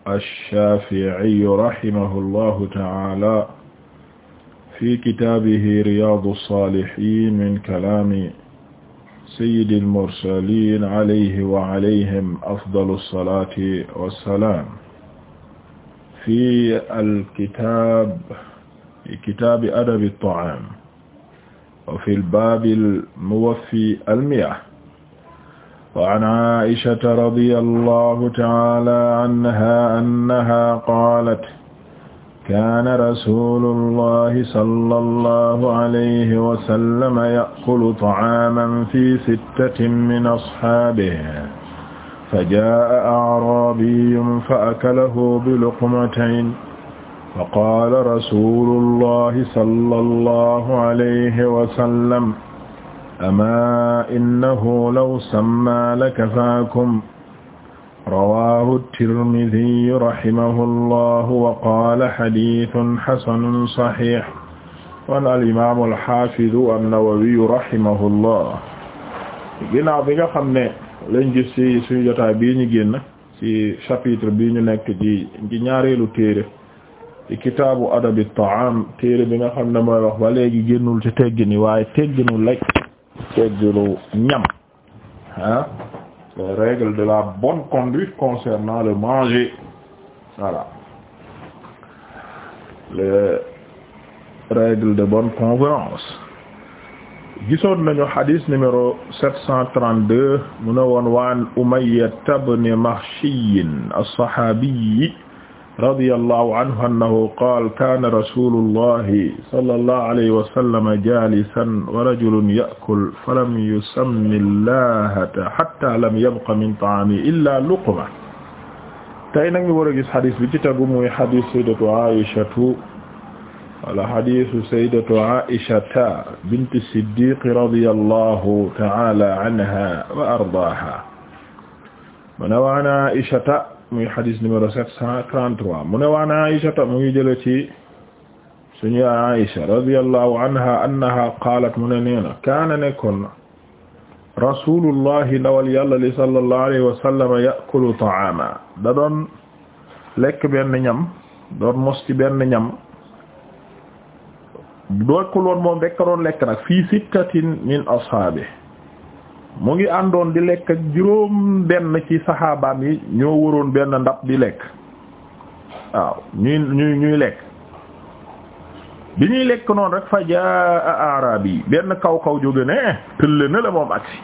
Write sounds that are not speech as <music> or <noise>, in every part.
ash-Shaafi'i rahimahullahu ta'ala fi kitaabihi Riyaadu s-Saalihiin min kalaami sayyidil mursaliin alayhi wa alayhim afdalu s-salaati wa s-salaam fi al-kitaab kitaabi adabi t-ta'aam wa fi l-baabi l-muwaffi al-miyaah وعن عائشة رضي الله تعالى عنها أنها قالت كان رسول الله صلى الله عليه وسلم يأكل طعاما في ستة من أصحابه فجاء أعرابي فأكله بلقمتين فقال رسول الله صلى الله عليه وسلم ama innahu law sammaa lakafaakum rawaahu tirmidiyu rahimahu allahu wa qaala xadiisun xasanun saxiix wan alimaamu alxaafidu annawawiyu rahimahu allah ginnaaw bi nga xam ne lañ gis ci suñu jotaay bii ñu génn ci chapitre bii ñu nekk ci ci ñaareelu téere ci kitaabu adabi taam téere bi nga xam ne mooy wax ba léegi génnul ci teggini waaye tegginu lekk teggalu ñam ah les de la bonne conduite concernant le manger voilà les de bonne convenance gisoon nañu hadith numéro 732 mu ne woon waan Umayya ibn Mahshiy radiyallahu anhu annahu qaala kaana rasuulullahi sallallahu alayhi wa sallam jaalisan wa rajulun ya'kul falam yusammi llaaha hattaa lam yabqa min ta'aamihi illaa luqma. tey nag ñu war a gis xadis bi ci tegu muy xadis sayyidatu Aysatu wala xadisu sayyidatu Aysata binti Siddiq radiyallahu ta'aala anhaa wa ardaahaa. wa an Aysata muy xadis numéro sept cent trente-trois mu ne waan Aïsata mu ngi jële ci suñu Aïsa radiyallahu anha annaha mu ne nee na kaana nekkoon rasulullahi ndawal yàlla li sallallahu alayhi wa sallam yakulu ta'ama da doon lekk benn ñam doon mos ci benn ñam doon ko loon moom rekk doon lekk nag fii sittatin min ashaabi mu ngi àndoon di lekk ak juróom benn ci saxaabaam yi ñoo waroon benn ndab bi lekk waaw ñuy ñuy ñuy lekk bi ñuy lekk noonu rek fa jaa yi benn kaw kaw jóge ne tëlle la moom agsi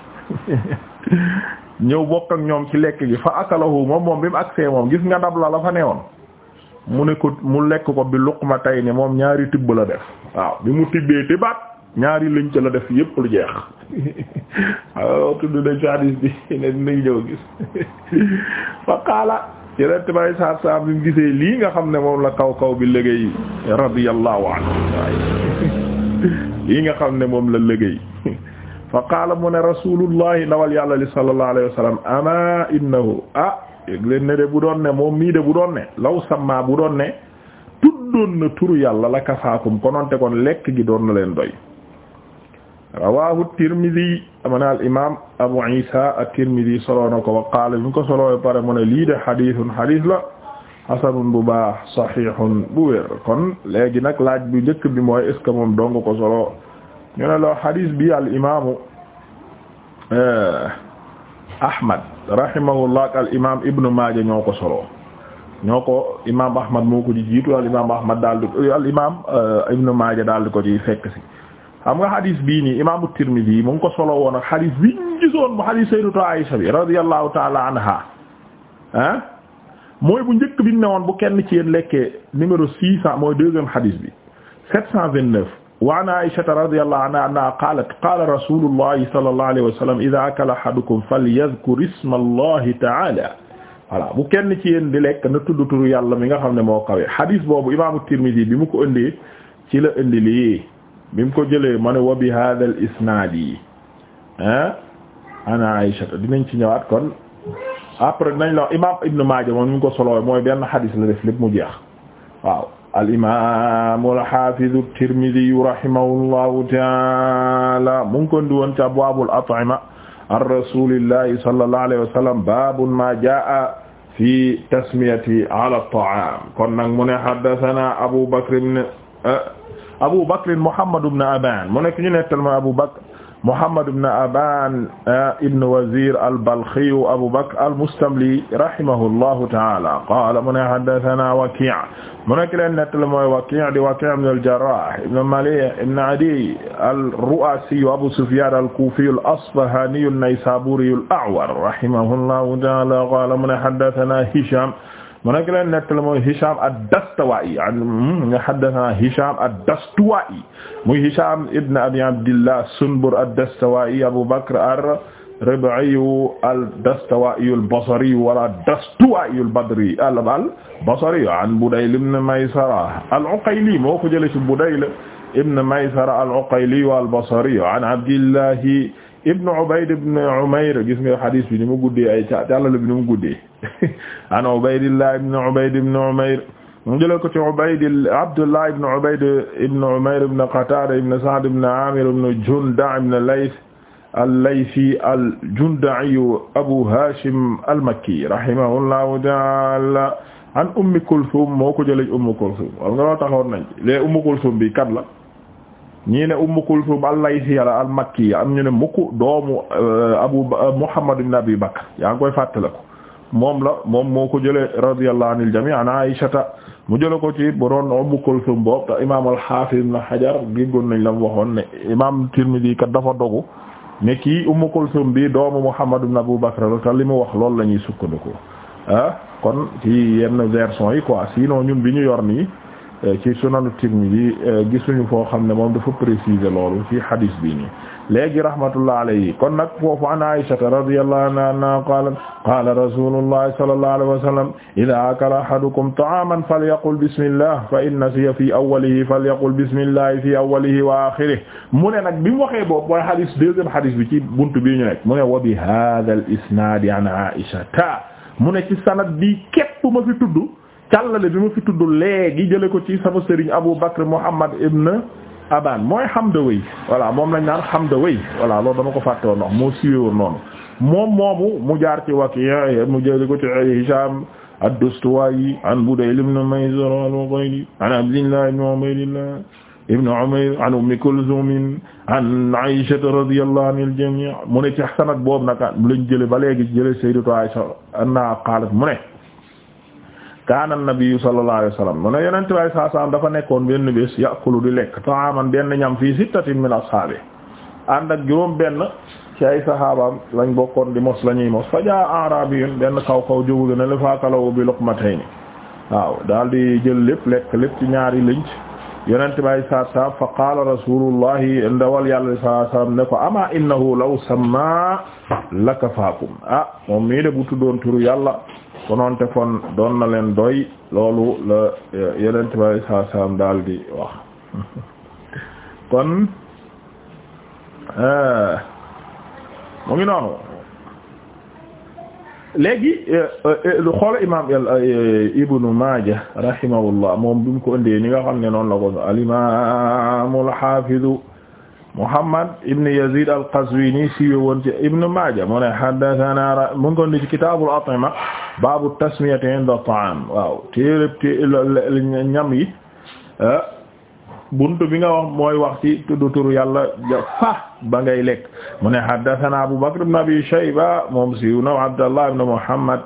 ñëw bokk ak ñoom ci lekk gi fa akalahu moom moom bi mu agsee moom gis nga ndab la la fa ne woon mu ne ko mu lekk ko bi luqmatayni moom ñaari tibb la def waaw bi mu tibbee tibaat ñaari lëñ ca la def yépp lu jeex waaw tudd nañ ci hadis bi ne dinañ ñëw gis fa qaala yenent bay saat saam bi mu gisee lii nga xam ne moom la kaw kaw bi liggéey radiyallahu anhu waaye lii nga xam ne moom la liggéey fa qaala mu ne rasulullahi ndawal yàlla li sallallahu alayhi wa sallam ama ah yëg leen ne de bu doon ne moom mii de bu doon ne law samma bu doon ne tuddoon na turu yàlla la kafaakum kononte kon lekk gi doon na leen doy rawahu tirmidi amana al imam abu isa at-tirmidi soloo na ko wa qaala ko soloo ne lii de xaditun xadis la xasanun bu baax saxihun bu wér kon léegi nag laaj bu njëkk bi mooy est ce que moom dong ko soloo ñu loo xadis bi al imamu eh, ahmad rahimahullah al imam ibnu maaja ñoo ko soloo ñoo ko imam ahmad moo ko di jiitu al imam eh, daal di ko ci fekk si am nga xadis bii nii imaamu Tirmidi mu ngi solo woon ak xadis bi ñu gisoon mu xadis taala anha ah, mooy bu njëkk bi ne bu kenn ci yéen lekkee numéro six cent mooy deuxième xadis bi sept cent vingt-neuf wa an Aishata radiyallahu anha annaha qaalat qaala rasulullahi sallallahu alayhi wa sallam idha isma allahi ta'ala bu kenn ci yéen di lekk na tudd turu yàlla mi nga xam ne moo kawee xadis boobu imaamu bi mu ko ëndee ci la ëndi lii bi mu ko jëlee ma ne wa bi hadha al isnaad yi ah ana Aysata dinañ ci ñëwaat kon après nañ la imam Ibn Maaja moom ñu ko soloo mooy benn xadis la def lépp mu jeex waaw al imam al hafiz at-Tirmidhi rahimahullahu taala mu ngi ko ndi woon ci abwaabul at'ima an rasulillahi sallallahu alayhi wa sallam babun ma jaa fi tasmiyati ala at-ta'am kon nag mu ne haddathana Abu Bakr ibn ah, Abu Bakr Muhammad ibn Aban mu nekk ñu nettal ma Abu Bakr Muhammad ibn Aban eh, ibn Wazir al-Balkhi Abu Bakr al-Mustamli rahimahullahu ta'ala qala mu ne haddathana Waki' mu nekk leen nettal mooy Waki' di Waki' ibn al-Jarrah ibn Malih ibn Adi al-Ru'asi Abu Sufyan al-Kufi al-Asbahani an-Naysaburi al-A'war rahimahullahu ta'ala qala mu ne haddathana Hisham mu nekk leen nekk la mooy Hisham ad-Dastuwa'i hmm, nga haddathana Hisham ad-Dastuwa'i muy Hisham ibn Abi Abdillah Sunbur ad-Dastuwa'i Abu Bakr ar-Rib'i ad-Dastuwa'i al-Basri wala ad-Dastuwa'i al-Badri al-Basri an Budayl ibn Maysara al-Uqayli moo ko jëlee ci Budayl ibn Maysara al-Uqayli al-Basri an Abdillah ibnu Ubayd ibn Umayr gis nga hadis bi ni mu guddee ay ca jàllale bi ni mu guddee <laughs> an Ubaydillah ibn Ubayd ibn Umayr mu jëlee ko ci Ubayd Abdullah ibn Ubayd ibn Umayr ibn Qatada ibn Sa'd ibn Amir ibn Junda' ibn Layth al-Laythi al-Junda'i Abu Hashim al-Makki rahimahullahu ta'ala an Ummi Kulthum moo ko jëlee Ummi Kulthum wala nga taxoon nañ le Ummi Kulthum bi kat la ñii ne Ummu Kulthum al-Laysiya la al-Makkiya am ñu ne mukk doomu euh, Abu euh, Muhammad ibn Abi Bakr yaa ngi koy fàttaliku moom la moom moo ko jëlee radiyallahu anil jami' an Aysata mu jëlee ko ci bu doon Ummu Kulthum boobu te imaam al-Hafiz ibn Hajar géggoon nañ la mu waxoon ne imaam Tirmidhi kat dafa dogu ne kii Ummu Kulthum bi doomu Muhammad ibn Abi Bakr la li mu wax loolu la ñuy sukkandiku ah kon ci yenn version yi quoi sinon ñun bi ñu yor nii. Euh, ci sunanu Tirmidhi euh, gisuñu foo xam ne moom dafa préciser loolu ci hadis bi nii léegi rahmatullah alayhi kon nag foofu an Aysata radiyallahu anha qaalat qaala rasulullah sallallahu alayhi wa sallam idha akala ahadukum ta'aman falyaqul bismillah fa in nasiya fi awwalihi falyaqul bismillah fi awwalihi wa akhirihi mu ne nag bi mu waxee boobu mooy hadis deuxième hadis bi ci buntu bi ñu nekk mu ne wa bi hadha al isnad an Aysata mu ne ci sanad bi képp ma fi tudd càllale bi ma fi tudd léegi jële ko ci sama sëriñ Abu Bakr Muhammad ibn Aban mooy Hamdaway voilà moom lañ naan Hamdaway voilà loolu dama ko fàtte woon wax moo siwee woon noonu moom moomu mu jaar ci Waki' mu jële ko ci Hisham ad-Dastuwayi an Budayl ibn Maysar al-Uqayli an Abdillah ibn Ubaydillah ibn Umayr an Ummi Kulthum an Aisha radiyallahu anil jami' mu ne ci lañ jële ba léegi jële Sayyidatu Aisha anna qaalat mu kaana nabiyyu sallallahu alayhi wa sallam mu ne yonent bi saa saam dafa nekkoon benn bés yàqulu di lekk ta'aman benn ñam fii sittatin min ashaabi ànd ak juróom benn ci ay saxaabaam lañ bokkoon di mos la ñuy mos fa jaa arabiyun benn kaw kaw jógu gën a la faakalawu bi luqmatayni waaw daal di jël lépp lekk lépp ci ñaari lënc yonente bi alayhi salaatu salaam fa qaala rasulullahi ndawal yàlla sallallahu alayhi wasallam law samma la kafaakum ah moom mii de bu tuddoon turu yàlla konoonte kon doon na leen doy loolu la eh, yonente bi alayhi salaatu salaam daal <laughs> eh, ngi noonu léegi euh, euh, xool imaam Ibnu Maaja rahimahullah moom bi mu ko indee ni nga xam ne noonu la ko al imaam al haafiz Muhammad ibn Yazid al-Qazwini siiwe woon ci Ibnu Maaja mu ne haddathana mu ngi ko indi ci kitaabul at'ima baabu tasmiyati inda ta'aam waaw téereb ñam yi euh, buntu bi nga wax mooy wax ci tuddu turu yàlla fa ba ngay lekk mu ne haddathana Abu Bakr ibn Abi Shayba moom siiw na Abdallah ibn Muhammad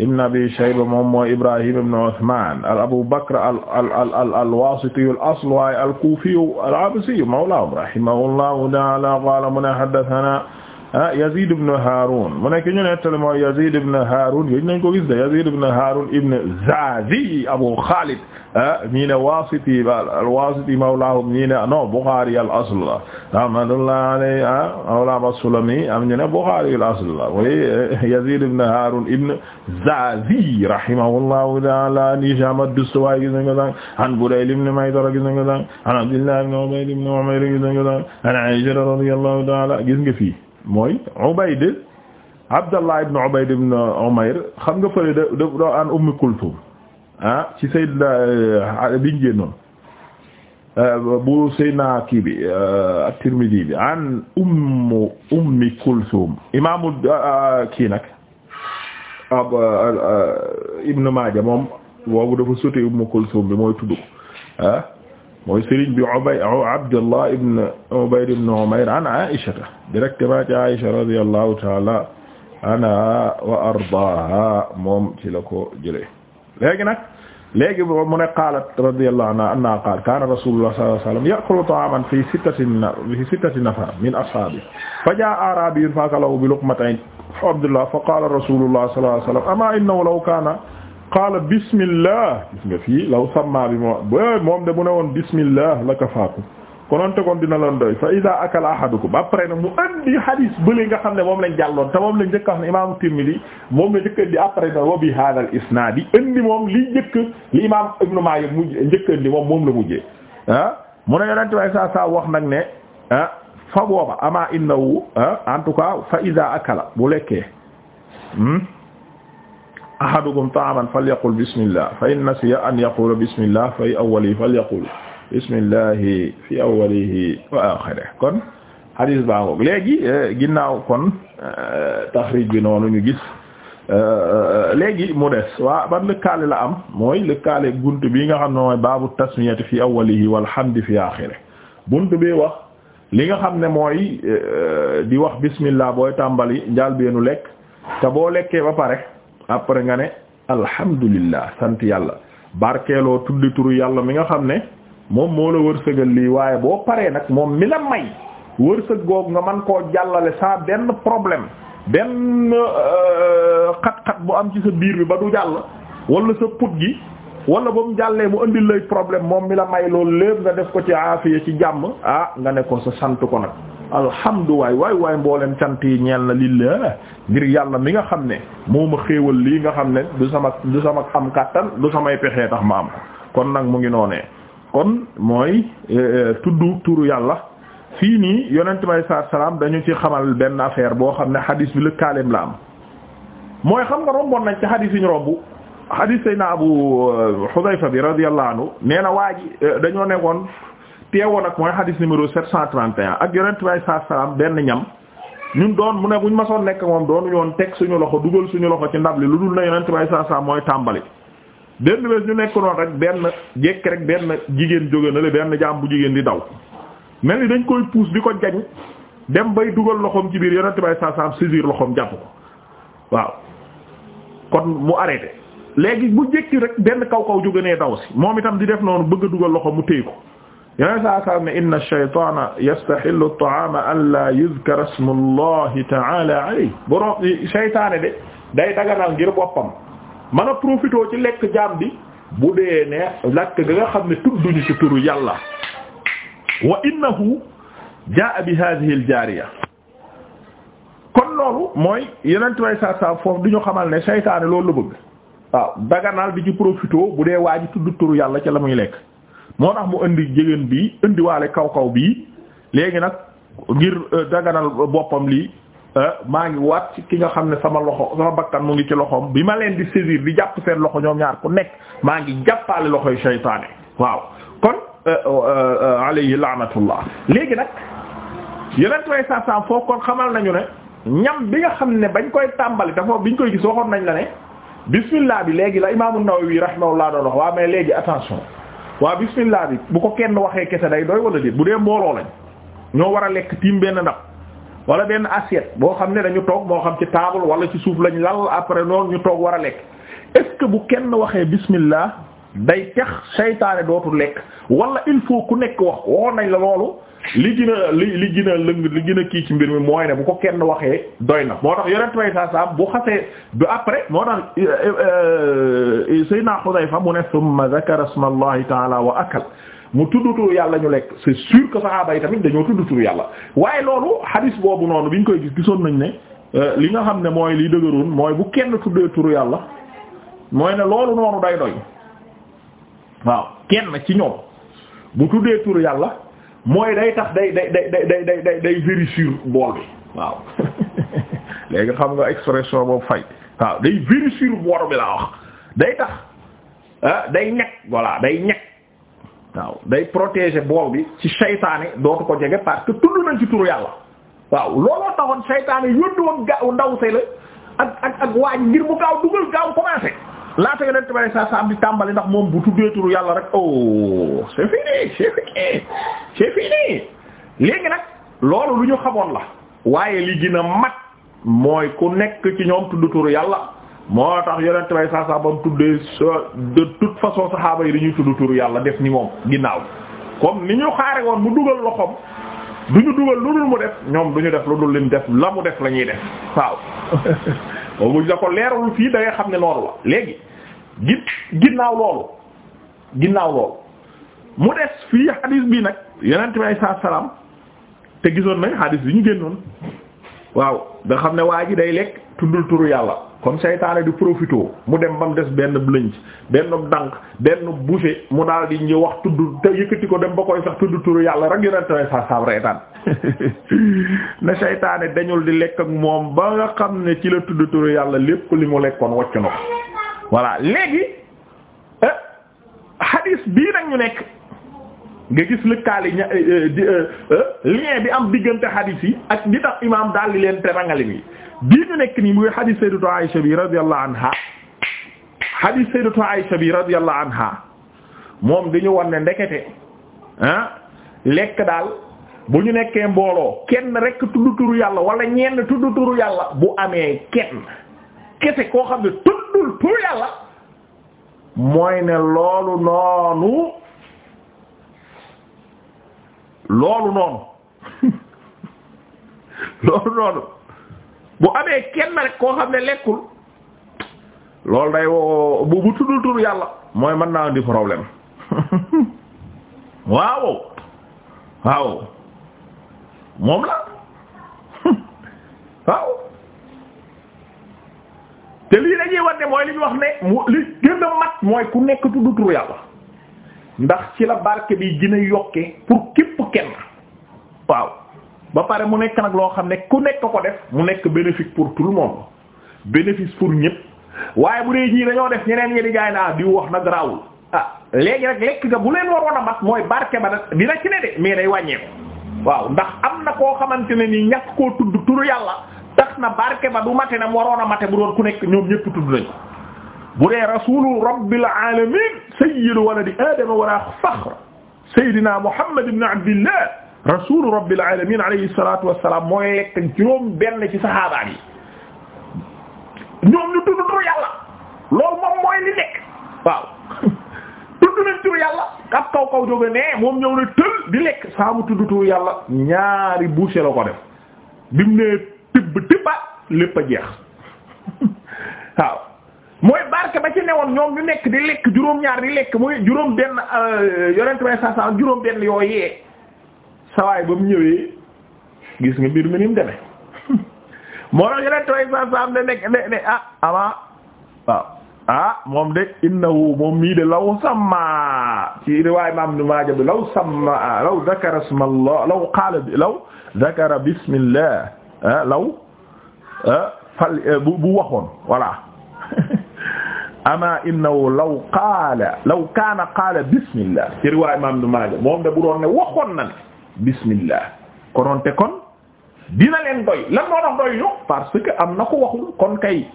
ibn Abi Shayba moom mooy Ibrahim ibn Uthman Abu Bakr al al al al-Wasiti al-asl wa al-Kufi al-Absi mawlahum rahimahullahu ta'ala qala mu ne haddathana ah Yazid ibn Harun mu nekk ñu nettali mooy Yazid ibn Harun yooyu nañ ko gis de Yazid ibn Harun ibn Zazi Abu Khalid ah ñii ne Wasiti al-Wasiti mawlaahum ñii ne non Bukhari al-asl la rahmatullahi alayhi ah mawlaahum as-Sulami am ñu ne Bukhari al-asl la way Yazid ibn Harun ibn Zazi rahimahullahu ta'ala an Hisham ad-Dastuwaa'i gis nañ ko sànq an Budayl ibn Maydara gis nañ ko sànq an Abdullah ibn Ubayd ibn Umayr gis nañ ko sànq an Aisha radiyallahu ta'ala gis nga fii mooy Ubayd Abdallah ibn Ubayd ibn Umayr xam nga fële da da doo an Ummu Kulthum ah, ci Sayyidina eh, biñ génnoon eh, bu Sayyidina kii bi eh, at-Tirmidhi bi an Ummu Ummi Kulthum imaamu kii nag ab Ibn Maaja moom boobu dafa sotee Ummu Kulthum bi mooy tudd ko ah. mooy sëriñ bi Ubay Abdullah ibn Ubayd ibn Umayr an Aisha directement ci Aisha radiyallahu ta'ala anha wa ardaaha moom ci la ko jëlee léegi nag léegi mu ne qaalat radiyallahu anha anna qaala kaana rasulullah sallallahu alayhi wa sallam ya'kulu ta'aaman fi sittati fi sittati nafar min ashaabihi fa jaa'a a'raabiyyun fa akalahu bi luqmatayn fa Abdullah fa qaala rasulullah sallallahu alayhi wa sallam amaa innahu law kaana qaala bismillah gis nga fii law samma bi moo eh, moom de bu ne woon bismillah la kafaakum kononte kon dina loon doy fa ida akala ahadukum après nag mu andi hadis bële nga xam ne moom lañ jàlloon te moom lañ njëkk wax ne imam Tirmidhi moom la njëkk andi après na wa bi hadha al isnad yi moom li njëkk li imam Ibn Maaja njëkk andi moom moom la mujjee ah mu ne yonente way ah, fa booba ama innahu ah, en tout cas fa ida akala bu lekkee hmm? ahadukum ta'aman falyaqul bismillah fa in nasiya an yaqula bismillah fi awwalihi falyaqul bismillahi fi awwalihi wa kon hadis baa ngoog léegi eh, ginnaaw kon eh, taxrij bi noonu ñu gis eh, léegi mu des waa ban lëkkaale la am mooy lëkkaale bunt bi nga xam ne mooy baabu tasmiyati fi awwalihi walhamdi fi akhirihi bunt bi wax li nga xam ne mooy di wax bismillah booy tàmbali njaal beenu lekk te boo lekkee ba pare après nga ne alhamdulillah sant yàlla barkeeloo tuddi turu yàlla mi nga xam ne moom moo la wërsëgal lii waaye boo paree nag moom mi la may wërsëg googu nga man koo jàllale saa benn problème benn euh, xat-xat bu am ci sa biir bi ba du jàll wala sa put gi wala ba mu jàllee mu indi lay problème moom mi la may loolu lépp nga def ko ci aafiya ci jàmm ah nga ne ko sa sant ko nag alhamdu waay waay waay mboolem cant yi ñeel na lillah ngir yàlla mi nga xam ne moo ma xéewal lii nga xam ne du sama du sama am kàttan du samay pexee tax ma am ko kon nag mu ngi noonee kon mooy eh, eh, tudd turu yàlla fii nii yonent bi alayhi salaam dañu ci xamal benn affaire boo xam ne hadis bi lëkkaaleem la am mooy xam nga romboon nañ ci hadis yi ñu romb hadis Abu Hudayfa eh, bi radiyallahu anhu nee na waa ji dañoo nekkoon teewoon ak mooy xadis numéro 731 ak yonent bi saa salaam benn ñam ñun doon mu ne ma masoon nekk moom doonu ñoon teg suñu loxo dugal suñu loxo ci ndab li lu dul na yonent bi saa salaam mooy tàmbali. benn bés ñu nekk noonu rek benn jekk rek benn jigéen jóge na le benn jaam bu jigéen di daw mel ni dañ koy puus di ko jañ dem bay dugal loxoom ci biir yonent bi saa salaam saisir loxoom jàpp ko waaw kon mu arrêté léegi bu jékki rek benn kaw kaw jóge nee daw si moom itam di def noonu bëgg dugal loxo mu téye ko. yeneen saa saa ne inna shaytaana yastaxillu at-ta'aama an laa yuzkara ismullahi ta'aala alayhi borom seytaane de day daganal ngir boppam mën a profité ci lekk jaam bi bu dee ne lakk ga nga xam ne tudduñu ci turu yàlla wa innahu jaa'a bi haadhihi jaariya kon loolu mooy yeneen tubay saa saa foofu du ñu xamal ne seytaane loolu la bëgg waaw daganal bi ci profité bu dee waa tudd turu yàlla ci la muy lekk. moo tax mu indi jigéen bi indiwaale kaw kaw bii léegi nag ngir euh, daganal boppam lii euh, maa ngi waat ci ki nga xam ne sama loxo sama bakkan mu ngi ci loxoom bi ma leen di saisir di jàpp seen loxo ñoom ñaar ku nekk maa ngi jàppaale loxoy seytaane waaw kon euh, alayhi laanatullah léegi nag yeneen way sa sam foofu kon xamal nañu ne ñam bi nga xam ne bañ koy tàmbali te bi biñ koy gis waxoon nañ la ne bismillah bi léegi la imaamu Nawawi rahimahullah doon wax waaw mais léegi attention waaw bismillah bi bu ko kenn waxee kese day doy wala déet bu dee mbooloo lañ ñoo war a lekk tiim benn ndab wala benn assiette boo xam ne dañu toog moo xam ci taabul wala ci suuf lañ lal après noonu ñu toog war a lekk est bu kenn waxee bismillah day tax saytaane dootu lekk wala il faut ku nekk wax woo nañ la loolu li gën li li gën a lëng li gën a kii ci mbir mi mooy ne bu ko kenn waxee doy na moo tax yonent way saa saam bu xasee bu après moo tax euh, euh, euh, Seydina Xudayfa mu ne summa zakara isma allahi taala wa akal mu tudd turu yàlla ñu lekk c'est sûr que saxaaba yi dañoo tudd turu yàlla waaye loolu xadis boobu noonu bi ñu koy gis gisoon nañ ne li nga xam ne mooy liy dëgëroon mooy bu kenn tuddee tur yàlla mooy ne loolu noonu day waaw kenn ci ñoom bu tuddee tur yàlla mooy day tax day day day day day day day vérifier bool bi waaw <laughs> léegi xam nga expression boobu fay waaw day vérifier bool bi laa wax day tax ah day ñekk voilà day ñekk waaw day protéger bool bi ci saytaane dootu ko jege parce que tudd nañ ci turu yàlla waaw looloo taxoon seytaane yónni woon gaaw ndaw see la ak ak ak ngir mu gaaw dugal gaaw commencé. laata yonent bi saa saa am di tàmbali ndax moom bu tuddee turu yàlla rek oh c'est fini c'est fini c'est léegi nag loolu lu ñu xamoon la waaye li gën a mat mooy ku nekk ci ñoom tudd yàlla moo tax yonent bi saa saa ba mu tuddee de toute façon saxaaba yi dañuy ñuy turu yàlla def ni moom ginnaaw comme ni ñu xaare woon mu dugal loxoom du ñu dugal lu dul mu def ñoom du ñu def lu dul lim def la mu def la ñuy def waaw. <laughs> boobu da ko leeralul fii da ngay xam ne noonu léegi gin ginnaaw loolu ginnaaw loolu mu des fii hadis bi nag yonent bi salaam te gisoon nañ hadis bi ñu génnoon waaw nga xam ne waa ji day lekk tuddul turu yàlla kon seytaane di profité mu dem ba mu des benn lënc benn dànk benn buuse mu daal di ñu wax tudd te yëkkati ko dem ba koy sax tudd turu yàlla rek yonent bi ay saa salaam reetaan <laughs> ne seytaane dañul di lekk moom ba nga xam ne ci la tudd turu yàlla lépp li mu lekkoon wàcc na ko voilà léegi euh, hadis bii nag ñu nekk nga gis lëkkaali ña euh, euh, lien bi am diggante hadis yi ak li tax imaam daal di leen te rangale bi bii ñu nekk nii muy hadis sayyidatu Aisha bi radiyallahu anha hadis sayyidatu Aisha bi radiyallahu anha moom dañu won ne ndekete ah lekk daal bu ñu nekkee mbooloo kenn rek tudd turu yàlla wala ñenn tudd turu yàlla bu amee kenn kese koo xam ne tudd tur yàlla mooy ne loolu noonu loolu noonu <laughs> loolu noonu kenn rek koo xam ne lekkul loolu day woo bu bu tur yàlla mooy mën naa indi problème <laughs> waaw waaw moom la <laughs> waaw te lii dañuy wan ne mooy li ñu wax ne mu li gën a mat mooy ku nekk tudd turu yàlla ndax ci la barke bi gën a yokke pour képp kenn waaw ba pare mu nekk nag loo xam ne ku nekk ko def mu nekk bénéfique pour tout le monde bénéfice pour ñëpp waaye bu dee ñii dañoo def ñeneen ñi di gaay naa di wax nag raawul ah léegi rek lekk nga bu leen waroon a mat mooy barke ba nag dina ci ne de mais day wàññeeku waaw ndax am na koo xamante ne nii ñàkk koo tudd turu yàlla. mat na barke ba du mate na mu waroon a mate bu doon ku nekk ñoom ñëpp tudd nañ bu dee rasulu rabbil alamin sayyidu waladi adama wala faxr sayyidina muhammad ibn abdillah rasulu rabbil alamin mooy lekk juróom benn ci sahaabaan yi ñoom ñu tudd turu yàlla loolu moom mooy li nekk waaw <laughs> tudd turu yàlla ab kaw kaw jóge ne moom ñëw na tël di lekk saa mu turu yàlla ñaari bouchée la def bi mu bu tëbbaat lépp a jeex <laughs> waaw mooy barke ba ci newoon ñoom ñu nekk di lekk juróom-ñaar di lekk muy juróom benn yorent yoo yee sawaay ba mu ñëwee gis nga mbir mi ni mu demee <laughs> moo tax yorent ah, ah moom de innahu moom mii de law samma ci riwaay imam Ibn Maaja bi law samma law zakara ismallah law qaala law zakara bismillah law fal euh, bu waxoon voilà <laughs> ama innahu law qaala law kaana qaala bismillah ci riwaay imam Ibn Maaja moom de bu doon ne waxoon na ne bismillah konoon te kon dina leen doy lan moo tax doy ñu parce que am na ko waxul kon kay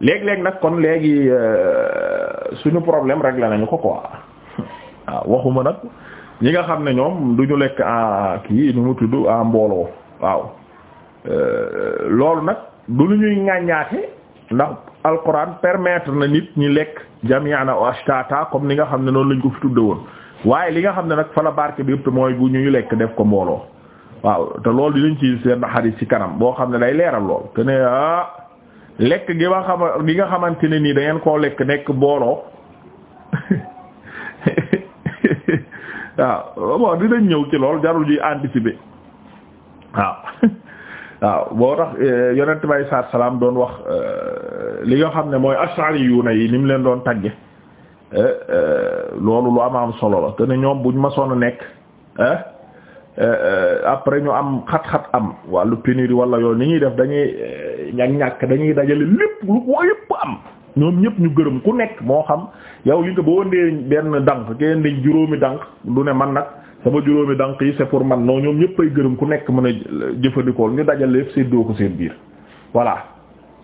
léeg-léeg nag kon léegi euh, suñu problème réglé nañu ko ko waaw <laughs> ah, waxuma nag ñi nga xam ne ñoom du ñu lekk ah, kii nu mu tudd en ah, mbooloo waaw Euh, loolu nag du lu ñuy ŋàññaate ndax alquran permettre na nit ñi lekk jamiana ashtata comme ni nga xam ne noonu lañ ko fi tudde woon waaye li nga xam ne nag fa la barke bi yëpp mooy bu ñuy lekk def ko mbooloo waaw te loolu dinañ ci seen xarit ci kanam boo xam ne day leeral lool te ne ah, lekk gi nga xam gi nga xamante ne nii da ngeen koo lekk nekk mbooloo <laughs> waaw bon dinañ ñëw ci lool jarul ji anticiper waaw <laughs> waaw boo tax eh, yonent bi saa salaam doon wax eh, li nga xam ne mooy ashari yu na yi ni mu leen doon tagge eh, loolu lu am am solo la te ne ñoom buñ ma a nekk après ñu am xat-xat am wàllu yi wala yoon li ñuy def dañuy ñàkk ñàkk dañuy dajale lépp lu ko yëpp am ñoom ñëpp ñu gërëm ku nekk moo xam yow li nga boo ndee benn dànk kenn di juróomi dànk du ne man nag. sama juróomi dank yi c'est pour man non ñoom ñëpp ay gërëm ku nekk mën a jëfandikoo ñu dajal lépp séddoo ko seen biir voilà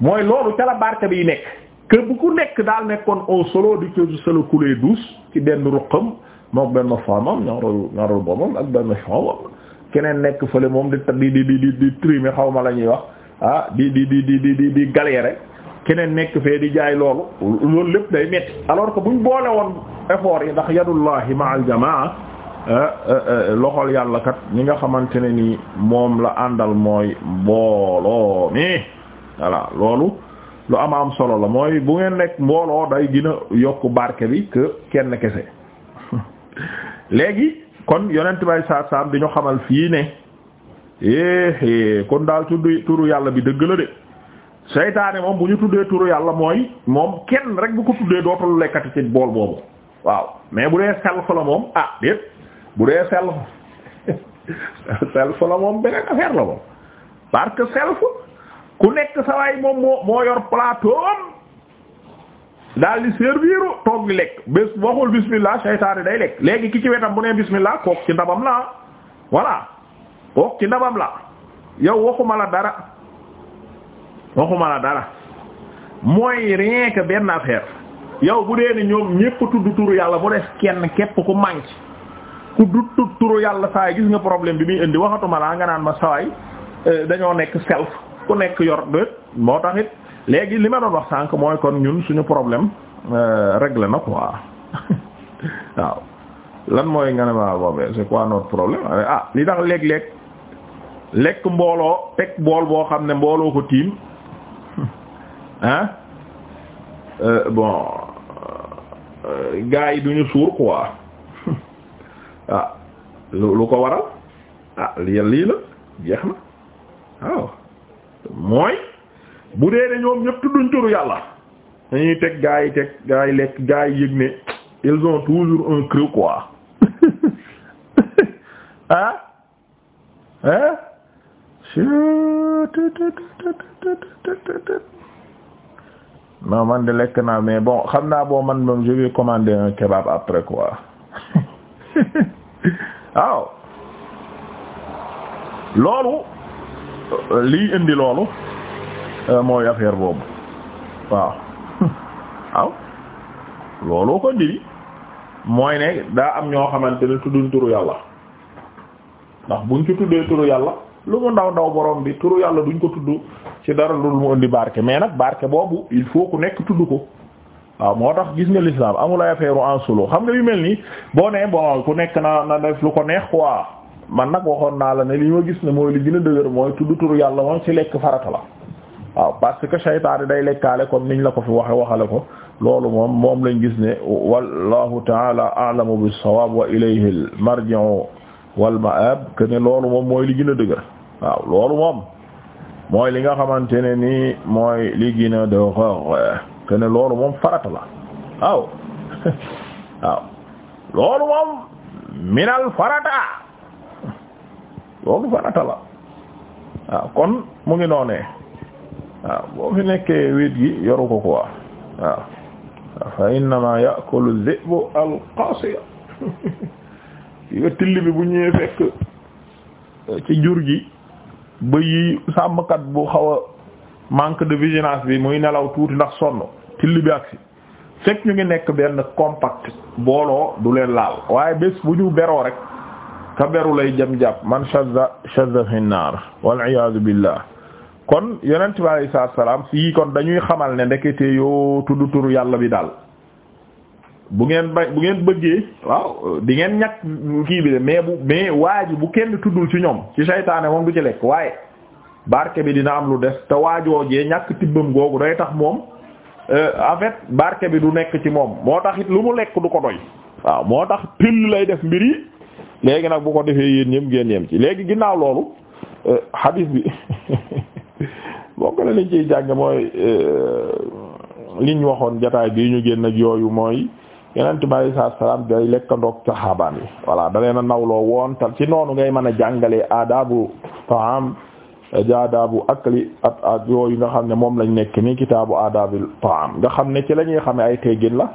mooy loolu ca la barke biy nekk que bu ku nekk daal nekkoon au solo di ko solo coulé douce ci benn ruqam moom benn faamam ñaarul ñaarul boobam ak benn chambre keneen nekk fële moom di di di di di trimer xaw ma la ñuy wax ah di di di di di di galérer keneen nekk fee di jaay loolu loolu lépp day metti alors que buñ boole woon effort yi ndax yadullahi ma'al jamaa Eh, eh, eh, loxol yàlla kat ñi nga xamante ne ni moom la àndal mooy mbooloo mi voilà loolu lu am am solo la mooy bu ngeen nekk mbooloo day gina yokk barke bi que kenn kese <laughs> léegi kon yonent bay saat saam di ñu xamal fii ne kon daal tudd turu yàlla bi dëgg la de seytaane moom bu ñu tuddee turu yàlla mooy moom kenn rek bu ko tuddee dootul lekkati ci bool boobu waaw mais bu dee self la moom ah déet bu dee self self la moom beneen affaire la moom parce que self ku nekk sawaay moom moo moo yor plateau daal di servir toog di lekk bés waxul bismillah seytaane day lekk léegi ki ci wetam bu nee bismillah kook ci ndabam la voilà kook ci ndabam la yow waxuma la dara waxuma la dara mooy rien que benn affaire yow bu dee ni ñoom ñépp tudd turu yàlla bu def kenn képp ku manqué ku dut turu yàlla saa gis nga problème bi muy indi waxatuma laa nga naan ma sawaay eh, dañoo nekk self ku nekk yor dët moo taxit léegi li ma doon wax sànq mooy kon ñun suñu problème eh, réglé na quoi <laughs> waaw lan mooy nga ne ma ah, boobee c'est quoi notre problème ah, ah li tax léeg-léeg lekk mbooloo teg bool boo xam ne mbooloo ko tiim ah <laughs> bon gars yi duñu suur quoi ah lu lu ko waral ah lii lii la jeex na waaw mooy bu dee ne ñoom ñëpp tudduñ turu yàlla dañuy teg gaa yi teg gaa yi lekk gaa yi yëg ne ils ont toujours un creux quoi <laughs> ah ah non man de lekk naa mais bon xam naa boo man moom je vais commander un kebab après quoi <laughs> <laughs> waaw loolu liy indi loolu euh, mooy affaire boobu waaw <laughs> aw loolu ko indi mooy ne daa am ñoo xamante ne tudduñ turu yàlla ndax buñ ci tuddee turu yàlla lu mu ndaw ndaw borom bi turu yàlla duñ ko tudd ci dara loolu mu indi barke mais nag barke boobu il faut ku nekk tudd ko waaw moo tax gis nga l'islam amul ay affaire en xam nga yu mel nii boo nee bon ku nekk na na def lu ko neex quoi man nag waxoon naa la ne li ma gis ne mooy li gën a dëgër mooy tudd turu yàlla moom ci lekk farata la waaw parce que saytaane day lekkaale comme la ko fi waxe waxale ko loolu moom moom lañ gis ne wallahu taala a'lamu bis-sawab wa ilayhi al-marji'u wal ma'ab que ne loolu mooy li gën a dëgër waaw loolu moom li nga xamante ne nii mooy li gën a dëgër te ne loolu moom farata la waaw waaw loolu moom minal farata loolu farata la waaw kon mu ngi noonee waaw boo fi nekkee wéet gi yoru ko quoi waaw fa innama ya'kulu dhi'bu al-qasiya <laughs> yo till bi bu ñëwee fekk euh, ci jur gi bëy yi sàmmkat bu xaw a manque de vigilance bi muy nelaw tuuti ndax sonn till bi agsi fekk ñu ngi nekk benn compact booloo du leen laal waaye bés bu ñu beroo rek ka beru lay jëm jàpp man shadda shadda fi naar wal iyaadu billah kon yonent bi alayhi salaam fii kon dañuy xamal ne ndekete yoo tudd turu yàlla bi daal bu ngeen ba bu ngeen bëggee waaw di ngeen ñàkk kii bi de mais bu mais waa ji bu kenn tuddul ci ñoom ci saytaane moom du ci lekk waaye barke bi dina am lu des te waajoojee ñàkk tibbam googu day tax moom Euh, en barke bi du nekk ci moom moo tax it lu mu lekk du ko doy waaw moo tax till lay def mbir yi léegi nag bu ko defee yéen ñëm ngeen yem ci léegi ginnaaw loolu euh, hadith bi <laughs> bokk na liñ ciy jàng mooy euh, liñ waxoon jataay bii ñu génn yooyu mooy yeneen bi alei salatua salam day lekkandoog saxaabaan yi voilà da leen a nawloo woon ci noonu ngay mën a jàngalee adabu taam jaadaabu akli at at yooyu nga xam ne moom lañu nekk ni kitaabu adabil taam nga xam ne ci la ñuy xamee ay teggin la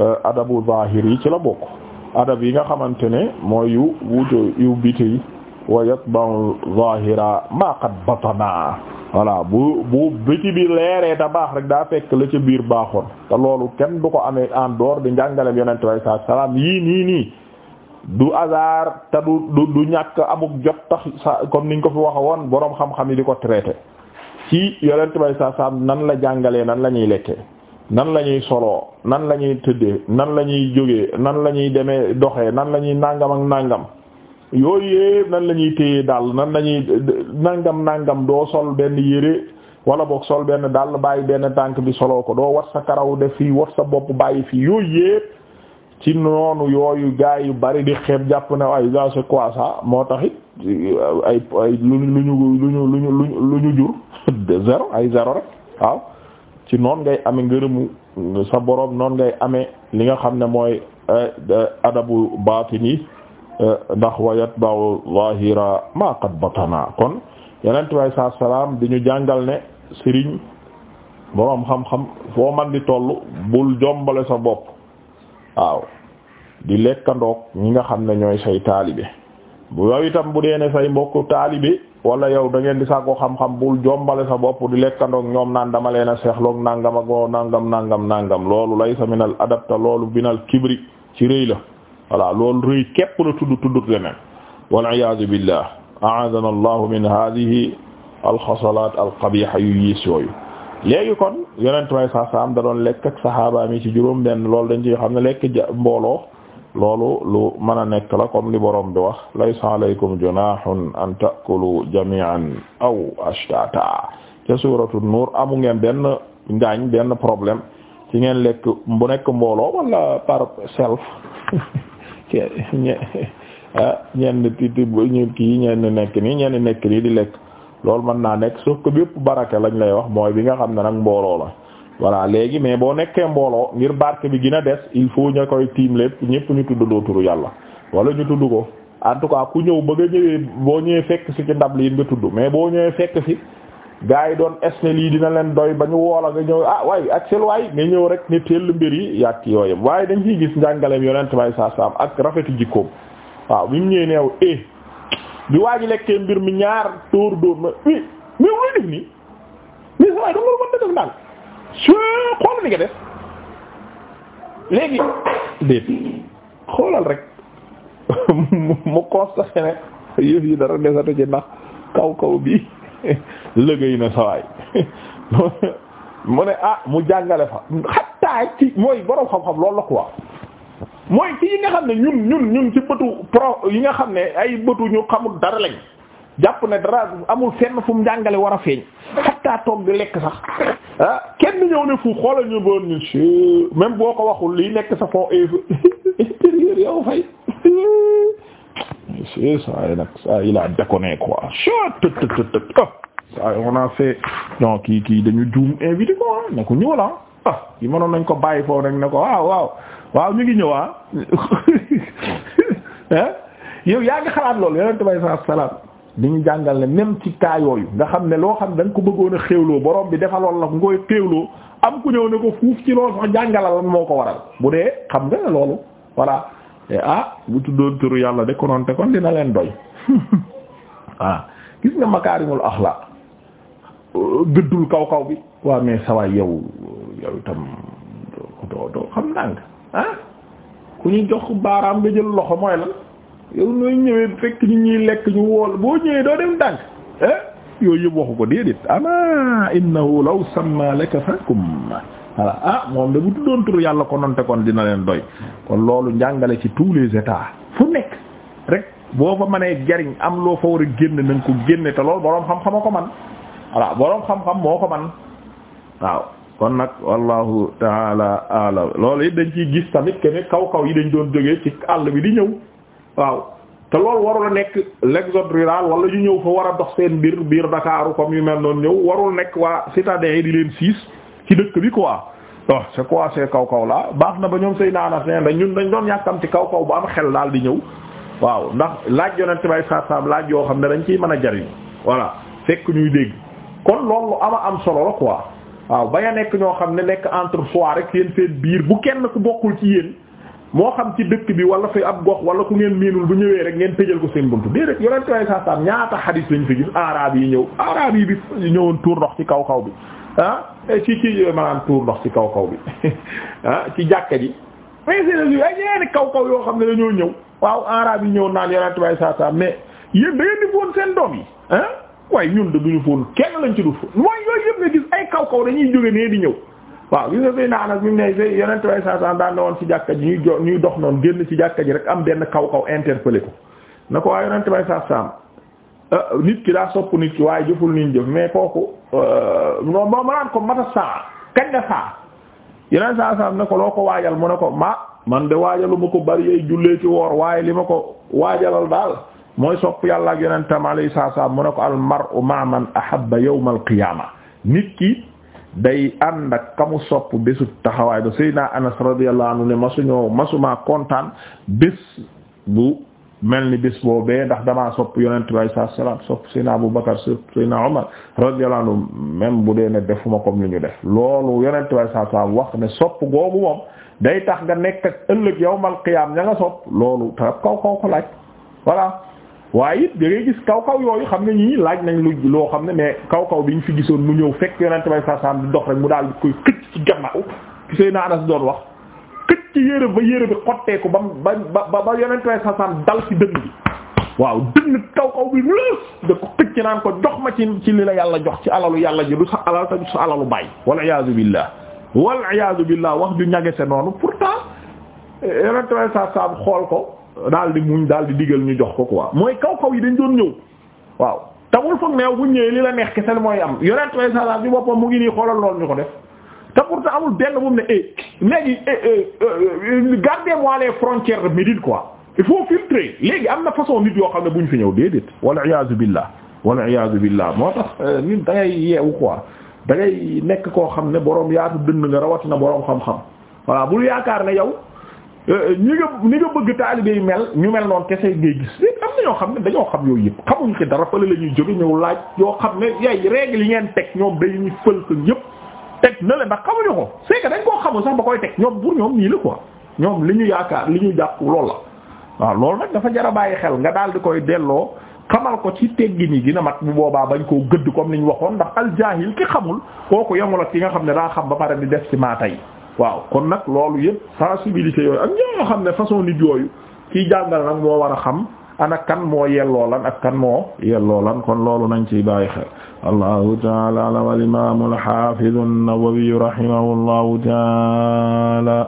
euh, adabu zahir yi ci la bokk adab yi nga xamante ne mooy yu wuto yu biti yi wa yatba'u zahira ma batana voilà bu bu biti bi leeree ta baax rek daa fekk la ca biir baaxoon te loolu kenn du ko amee en dehors di njàngaleem yonente bi sallallahu alayhi yii nii nii du hasard te du du ñàkk amuk jot tax sa comme niñ ko fi waxa woon boroom xam-xam yi di ko traité ci yolent bay sa sam nan la jàngalee nan la ñuy lekkee nan la ñuy soloo nan la ñuy tëddee nan la ñuy jógee nan la ñuy demee doxee nan la ñuy nàngam ak nàngam yooyu yépp nan la ñuy téye daal nan la ñuy nàngam nàngam doo sol benn yére walla boog sol benn dàll bàyyi benn tànk bi soloo ko doo wat sa karaw def fii wat sa bopp bàyyi fii yooyu yépp ci noonu yooyu gaay yu bari di xeeb jàpp ne ay ga c'est quoi ça moo tax it ay ay lu ñu lu ñu lu ñu lu ñu jur <laughs> de zéro ay zéro rek waaw ci noon ngay amee ngërëmu sa boroom noon ngay amee li nga xam ne mooy eh, adabu baatin yi eh, ndax wa yatba'u zahira ma qad batana kon yeneen way sa salaam di ñu jàngal ne sëriñ boroom xam-xam foo man di tollu bul jombale sa bopp waaw di lekkandoog ñi nga xam ne ñooy say taalibe bu yow itam bu dee ne say mbokk taalibe wala yow da ngeen di sàkku xam-xam bul jombale sa bopp di lekkandoog ñoom naan dama leen a seexloog nangam ak nangam nangam nangam loolu lay sa minal adapta loolu binal kibri ci rëy la voilà loolu rëy képp la tudd tuddut leneen waliyasu billah aadana allahu min hadihi alxasalat alqabiha yu yiis yooyu léegi kon yonent may sa saam da doon lekk ak sahaaba mi ci juróom benn loolu dañ ci xam ne lekk mbooloo loolu lu mën a nekk la comme li borom bi wax laysa alaykum junahun an taakulu jami'an aw ashtata ca suratu nuur amu ngeen benn ngaañ benn problème ci ngeen lekk bu nekk mbooloo wala par self <laughs> ah, ñenn titi ñu kii ñenn nekk nii ñenn nekk nii di lekk loolu mën naa nekk sauf que bépp baraka lañ lay wax mooy bi nga xam ne nag mbooloo la voilà léegi mais boo nekkee mbooloo ngir barke bi gën a des il faut ñu koy tiim lépp ñëpp ñu tudd doo turu yàlla wala ñu tudd ko en tout cas ku ñëw ba nga ñëwee boo ñëwee fekk si ci ndab li nga tudd mais boo ñëwee fekk si gars yi doon est ne lii dina leen doy ba ñu woola nga ñëw ah waaye ak sel waay nga ñëw rek ne teel mbir yi yàq yooyu waaye dañ ciy gis njàngaleem yonent bay saa am ak rafetu jikkoom waaw bi mu ñëwee neew eh bi waa lekkee mbir mi ñaar tóor dóor ma i mais su xool ni nga def léegi déet xoolal rek <laughs> mu constaté ne yëf yi dara desatu ci ndax kaw kaw bi <laughs> lëgëy na sawaay <laughs> mu ne ah mu jàngale fa xattaay mooy borom xam-xam loolu la quoi mooy ci yi nga xam ne ñun ñun ñun ci bëtu pro yi nga xam ne ay bëtu ñu xamul dara lañ jàpp ne dara amul fenn fu mu njàngale war a feeñ xatta toog di lekk sax ah kenn ñëw ne fu xoolal ñu bon monsieur même boo ko waxul lii nekk sa fond intérieur yow fay kii kii dañu juum invité quoi ah, ne ko ñëw la ah, ah nañ ko bàyyi foofu rek ne ko ah, waaw waaw ñu ngi ñëwaa ah <laughs> eh? yow yaa ngi xalaat lool yonent bay sa salaat li ñu jàngal ne même ci cas yooyu nga xam ne loo xam da ko bëggoon a xéwloo borom bi defaloon la ngooy xéwloo am ku ñëw ne ko fuuf ci loolu sax jàngalal moo ko waral bu dee xam nga loolu voilà ah bu tuddoon turu yàlla de konoon te kon dina leen doy voilà <laughs> ah gis nga makaarimul axlaaq gëddul kaw kaw bi waaw mais sawaay yow yow itam doo doo xam ndànk ah ku ñu jox baaraam nga jël loxo mooy lan yow nooy ñëwee fekk ñu ñuy lekk ñu wool boo ñëwee doo dem dànk eh yooyu yëpp waxu ko déedéet ama innahu law samma laka fakum voilà ah moom da bu tuddoon tur yàlla kononte kon dina leen doy kon loolu njàngale ci tous les états fu nekk rek boo fa manee jariñ am loo fa war a génn nañ ko génne te loolu boroom xam-xama ko man voilà boroom xam-xam moo ko man waaw kon nag wallahu taala alam loolu it dañ ciy gis tamit que ne kaw kaw yi dañ doon jógee ci àll bi di ñëw waaw te lool warul a nekk l'exode rural wala ñu ñëw fa war a dox seen biir biir Dakar comme yu mel noonu ñëw warul nekk waa citadins yi di leen siis ci dëkk bi quoi o c'est quoi c'est kaw kaw la baax na ba ñoom say naanas neen dañ ñun dañ doon yàkkam ci kaw kaw bu am xel daal di ñëw waaw ndax laaj yonente bay saab laaj yoo xam ne dañ ciy mën a jariñ voilà fekk ñuy dégg kon loolu lu ama am solo la quoi waaw ba nga nekk ñoo xam ne nekk entre soi rek yéen seen bu kenn bokkul ci yéen moo xam ci dëkk bi wala fi ab gox wala ku ngeen miinul bu ñëwee rek ngeen pejal ko seen buntu bii rek yonent way saa saam ñaata xadis lañ fi gis araab yi ñëw araab yi bi ñëwoon tuur ndox ci kaw kaw bi ah eh, ci ci eh, maanaam tuur ndox ci kaw kaw bi <laughs> ah ci jàkka ji président yi ay ñeeni kaw kaw yoo xam ne dañoo ñëw waaw araab yi ñëw naan yonent way saa saam mais yéen da ngeen di foon seen doom yi ah waaye ñun de duñu foon kenn lañ ci du foon mooy yooyu yëpp nga gis ay kaw kaw dañuy jóge nii di ñëw waaw gis nga fay na Anas mi mu ne yeneen way saasan daan ne woon ci jàkka ji ñuy dox noonu génn ci jàkka ji rek am benn kaw kaw interpellé ko na ko waaye yonent bay saasaam euh, nit ki daa sopp nit ki waaye jëful niñ jëf mais kooku moom euh, moo mënaan ko mata saa kañ nga saa yeneen ne ko loo ko waajal mu ne ko ma man de waajalu ma ko bari ay jullee ci woor waaye li ma ko waajalal daal mooy sopp yàlla ak yonentam alayhi saasaam mu ne ko al mar'u ma man ahabba yawm al qiyamah nit ki day ànd ak kamu sopp bésu taxawaay ba Seydina Anas radiyallahu anhu ne masuñoo masumaa kontaan bés bu mel ni bés boobee ndax damaa sopp yonent bi alayhi salaatu salaam sopp Seydina Abu Bakar Seydina Umar radiyallahu anhu même bu dee ne defuma comme lu ñu def loolu yonent bi alayhi salaatu wax ne sopp googu moom day tax nga nekk ak ëllëg yawmal qiyaam ña nga sopp loolu tarab kaw kaw ko laaj waaye it da gis kaw kaw yooyu xam ne ñii laaj nañ lu loo xam ne mais kaw kaw bi ñu fi gisoon mu ñëw fekk yonent bay saasaam di dox mu daal koy këcc ci gannaaw ki sey na wax ci yére ba yére bi xotteeku ba ba ba ba yonent bay dal ci dënn bi waaw dënn kaw kaw ci li la yàlla jox ci alalu yàlla ji du sa alal te du sa alalu bàyyi wal iyaazu billah wal iyaazu billah wax ju ñagese noonu pourtant yonent bay xool ko daal di muñ daal di digal ñu jox ko quoi mooy kaw kaw yi dañ doon ñëw waaw tawul foog neew bu ñëwee li la neex kese mooy am yonent way sala bi boppam mu ngi nii xoolal lool ñu ko def te pourtant amul benn moom ne eh léegi eh, eh, euh, gardez-moi les frontières de Médine quoi il faut filtrer léegi am na façon nit yoo xam ne buñ fi ñëw déedéet walla iyaazu billah walla iyaazu billah moo tax euh, nit da ngay yeewu ko da ngay nekk koo xam ne boroom yaatu dënd nga rawatina boroom xam-xam voilà yaakaar ne yow. Euh, ñi nga ni nga bëgg taalibe mel ñu mel noonu kese ngay gis léegi am na ñoo xam ne dañoo xam yooyu yëpp xamuñ ci dara fële la ñuy jóge ñëw laaj yoo xam ne yay règle yi ngeen teg ñoom dañuy fël sa yëpp teg na le ndax xamuñu ko c'est que dañ koo xamul sax ba koy teg ñoom pour ñoom nii la quoi ñoom li ñu yaakaar li ñu jàpp loolu la waaw loolu nag dafa jar a bàyyi xel nga daal di koy delloo xamal ko ci teggi nii gina mat bu boobaa bañ koo gëdd comme niñ waxoon ndax al jaahil ki xamul kooku yamul ak ki nga xam ne daa xam ba pare di def ci maa tey waaw kon nag loolu yëpp sensibilité yooyu ak ñoo xam ne façon nit yooyu kiy jàngal nag moo war a xam ana kan moo yelloolan ak kan moo yelloolan kon loolu nañ ci bàyyi xel allahu taala alam al imam al hafiz an-Nawawi rahimahullahu taala